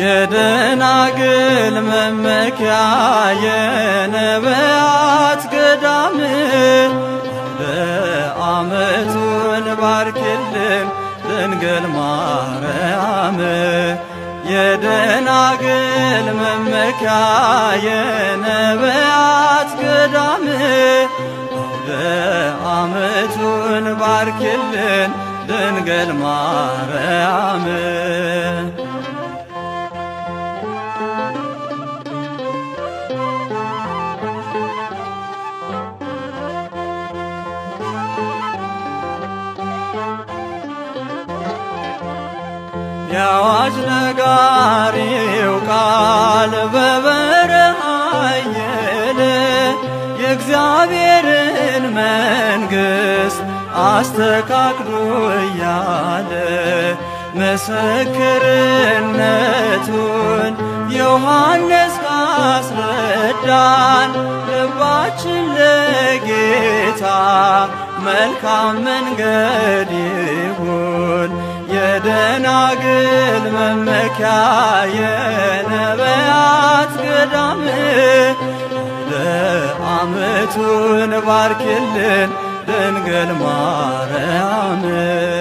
የደናግል መመኪያ የነቢያት ገዳም ለአመቱን ባርክልን ድንግል ማርያም የደናግል መመኪያ የነቢያት ገዳም ለአመቱን ባርክልን ድንግል ማርያም አዋጅ ነጋሪው ቃል በበረሃ አየለ የእግዚአብሔርን መንግሥት አስተካክሎ እያለ ምስክርነቱን ዮሐንስ ካስረዳን ልባችን ለጌታ መልካም መንገድ ይሁን። የደናግል መመኪያ የነበያት ገዳም ለአመቱን ባርክልን ድንግል ማርያምን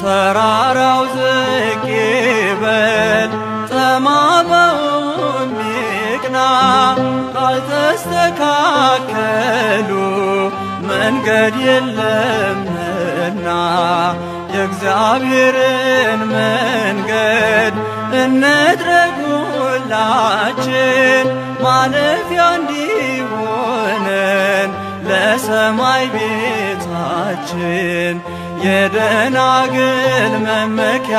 ተራራው ዝቅ ይበል ጠማማውም ይቅና፣ ካልተስተካከሉ መንገድ የለምና የእግዚአብሔርን መንገድ እንድረግ ሁላችን ማለፊያ እንዲሆነን ለሰማይ ቤታችን የደናግል መመኪያ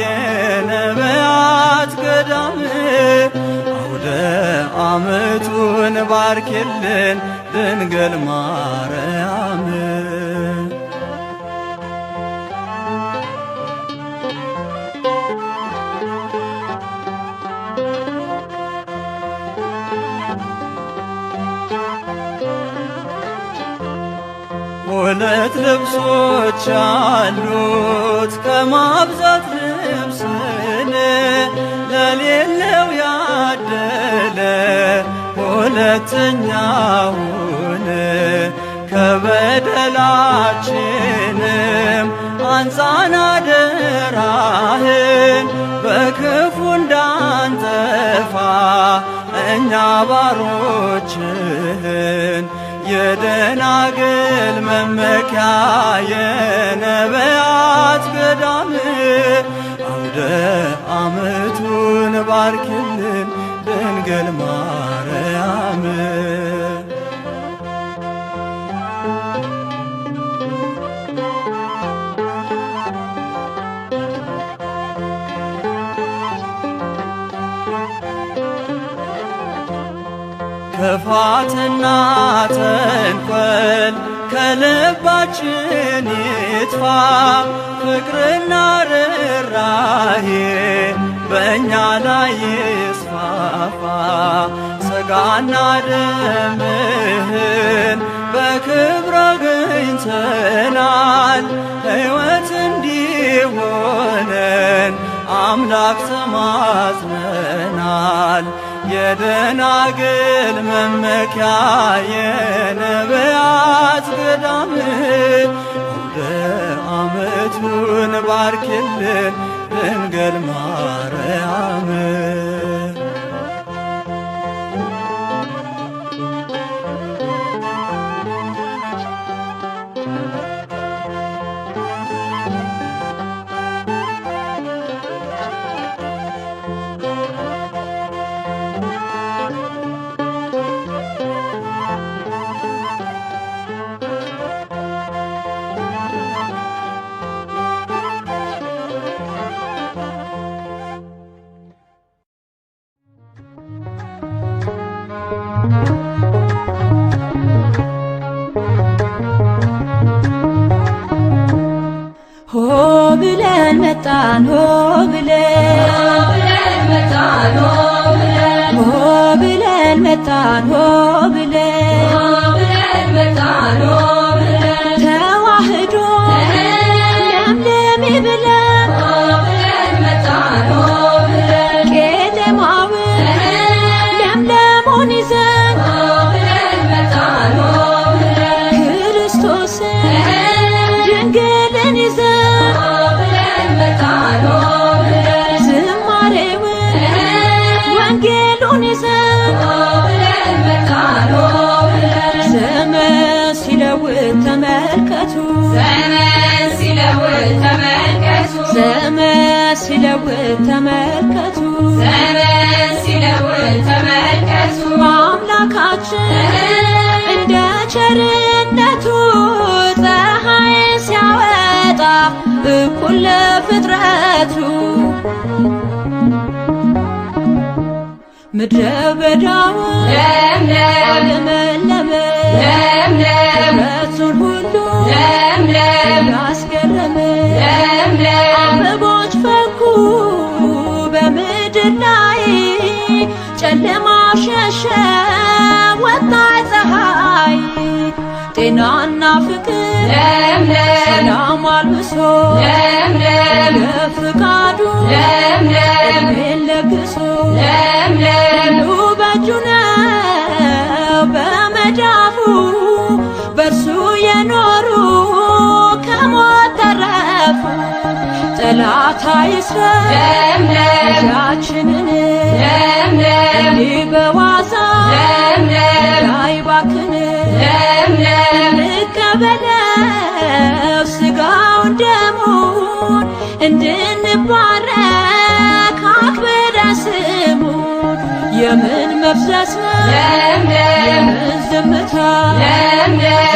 የነቢያት ገዳም አውደ ዓመቱን ባርኪልን ድንግል ማርያም ሁለት ልብሶ ጌታዎች አሉት ከማብዛት ልብስን ለሌለው ያደለ ሁለተኛውን ከበደላችንም አንፃና ደራህን በክፉ እንዳንጠፋ እኛ ባሮችህን የደናግል መመኪያ የነቢያት ገዳም አውደ ዓመቱን ባርክልን ድንግል ማርያም ክፋትና ተንኮል ከልባችን ይጥፋ፣ ፍቅርና ርኅራኄ በእኛ ላይ ይስፋፋ። ሥጋና ደምህን በክብር አግኝተናል፣ ሕይወት እንዲሆነን አምላክ ተማጽነናል። የደናግል መመኪያ የነቢያት ገዳም እንደ ዓመቱን ባርክልን ድንግል ማርያም ሆ ብለን መጣን ሆ ብለን መጣን ሆ ብለን ሆ ብለን መጣን ሆ ብለን መጣን ሆ ሲለውጥ ተመልከቱ፣ ዘመን ሲለውጥ ተመልከቱ። አምላካችን እንደ ቸርነቱ ፀሐይን ሲያወጣ እኩል ፍጥረቱ ምድረ በዳው ለምለም ለምለምለቱን ሁሉ ለምለም ያስገረመ ለምለም አበቦች ምድር ላይ ጨለማ ሸሸ ወጣ ፀሐይ ጤናና ፍቅር ሰላም አልብሶ ለፍቃዱ ለግሶ ሁሉ በእጁ ነው በመዳፉ በእርሱ ጠላት አይስረን ለምለም ለምለም በዋዛ ለምለም አይባክን ለምለም እንቀበለው ስጋውን ደሙን እንድንባረክ አክብረ ስሙን የምን መፍሰስ ነው የምን ዝምታ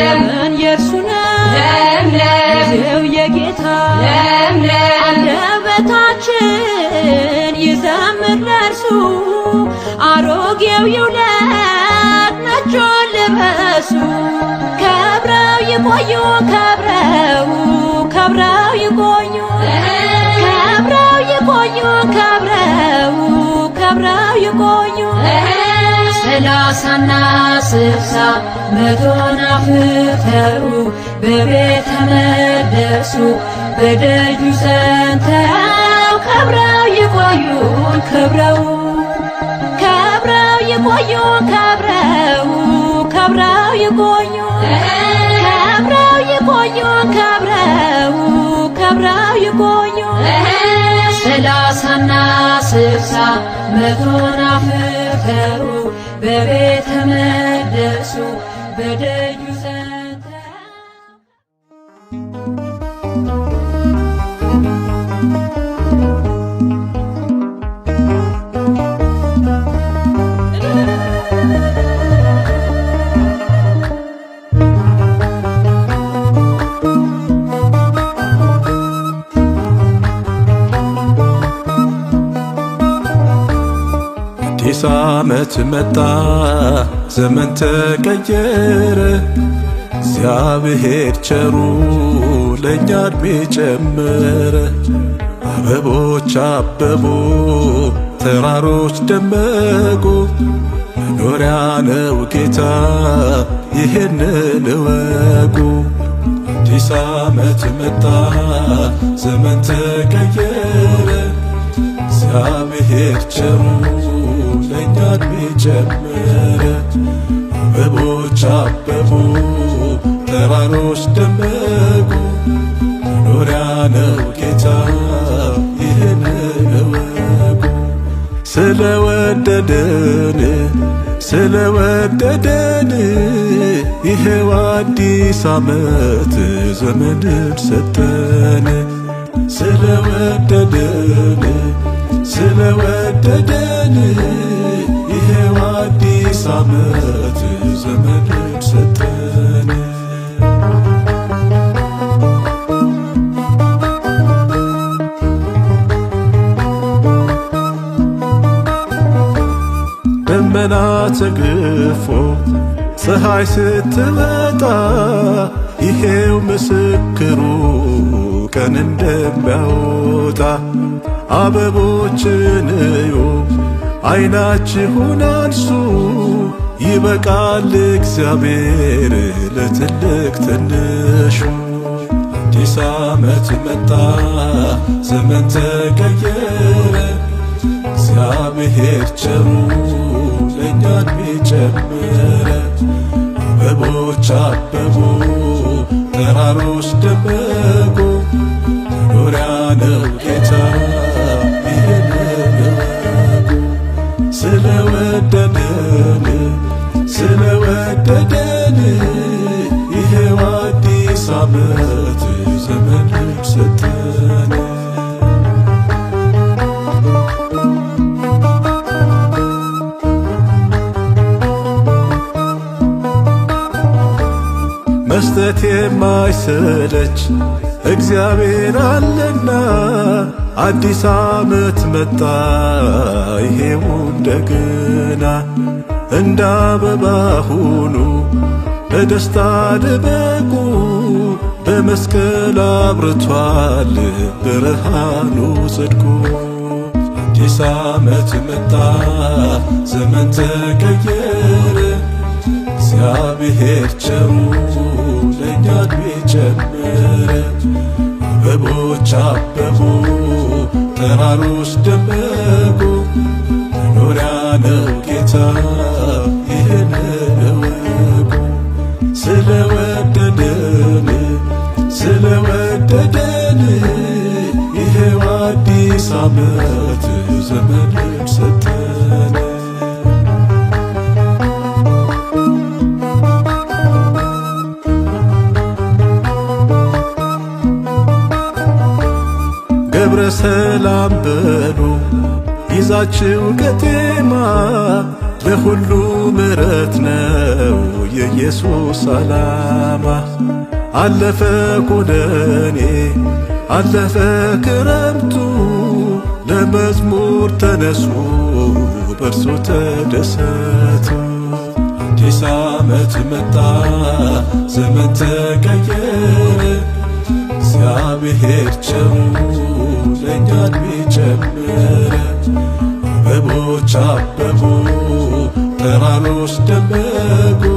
የምን የእርሱ ነው ለምለም የጌታ ለምለም አንደበታችን ይዘምር ለእርሱ አሮጌው ይውለቅ ነጩን ልበሱ ከብረው ይቆዩ ከብረው ከብረው ይቆዩ ከብረው ይቆዩ ከብረው ከብረው ይቆዩ ሰላሳና ስልሳ መቶና ፍተሩ በቤተ መቅደሱ በደጁ ጸንተው ከብረው የቆዩን ከብረው ከብረው የቆዩን ከብረው ከብረው የቆዩን ከብረው የቆዩን ከብረው ከብረው የቆዩን ሰላሳና ስልሳ መቶን አፍርተው በቤተ መቅደሱ በደጁ ዓመት መጣ ዘመን ተቀየረ፣ እግዚአብሔር ቸሩ ለእኛ ዕድሜ ጨመረ። አበቦች አበቡ፣ ተራሮች ደመቁ፣ መኖሪያ ነው ጌታ ይህንን እወቁ። አዲስ ዓመት መጣ ዘመን ተቀየረ፣ እግዚአብሔር ቸሩ መርዳት ጀመረ። አበቦች አበቡ፣ ተራሮች ደመቁ። መኖሪያ ነው ጌታ ይህን እወቁ። ስለወደደን ስለወደደን ይሄው አዲስ ዓመት ዘመንን ሰጠን። ስለወደደን ስለወደደን ዓመት ዘመን ሰጠን ደመና ተግፎ ፀሐይ ስትወጣ ይሄው ምስክሩ ቀን እንደሚያወጣ አበቦችን እዩ ዓይናችሁን አንሱ ይበቃል እግዚአብሔር ለትልቅ ትንሹ። አዲስ ዓመት መጣ ዘመን ተቀየረ እግዚአብሔር ቸሩ ለእኛን ቢጨምረ አበቦች አበቡ ተራሮች ደመቁ መኖሪያ ነው ጌታ ከበደን ይሄው አዲስ ዓመት ዘመን ሰጠን። መስጠት የማይሰለች እግዚአብሔር አለና አዲስ ዓመት መጣ ይሄው እንደገና እንደ አበባ ሁኑ በደስታ ድበቁ በመስቀል አብርቷል ብርሃኑ ጽድቁ። አዲስ ዓመት መጣ ዘመን ተቀየረ እግዚአብሔር ቸሩ ለእኛ ዕድሜ ጨመረ። አበቦች አበቡ ተራሮች ደመቁ መኖሪያ ነው ጌታ አዲስ ዓመት ዘመን ሰጠን ገብረ ሰላም በሉ ይዛችው ገቴማ ለሁሉ ምረት ነው የኢየሱስ ዓላማ። አለፈ ጎደኔ አለፈ ክረምቱ ለመዝሙር ተነሱ በእርሱ ተደሰቱ። አዲስ ዓመት መጣ ዘመን ተቀየረ፣ እግዚአብሔር ቸሩ ለእኛን ቢጨምረ አበቦች አበቡ ተራሮች ደመቁ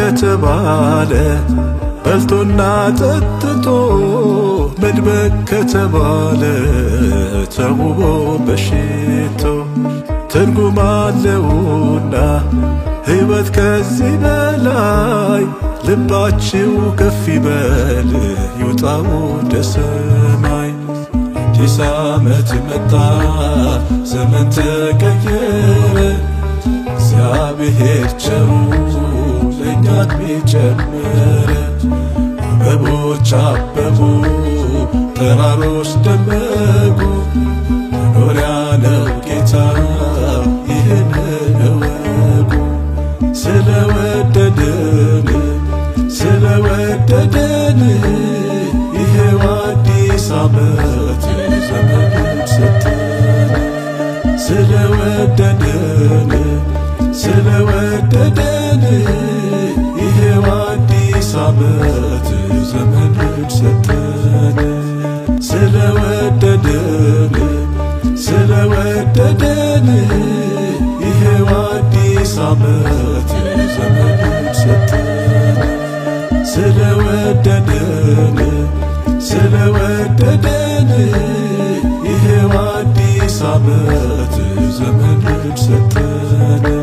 ከተባለ በልቶና ጠጥቶ መድበቅ ከተባለ ተውቦ በሽቶ ትርጉም አለውና ሕይወት ከዚህ በላይ ልባችው ከፍ ይበል ይውጣው ደሰማይ አዲስ ዓመት መጣ ዘመን ተቀየረ እግዚአብሔር ቸሩ መተኛት ቢጀምር አበቦች አበቡ፣ ተራሮች ደመቁ። መኖሪያ ነው ጌታ ይህን እወቁ። ስለወደደን ስለወደደን ይሄው አዲስ አመት ዘመኑን ሰጠን ስለወደደን ስለወደደን ዓመት ዘመን ሰጠን ስለወደደን ስለወደደን ይሄው አዲስ ዓመት ዘመን ሰጠን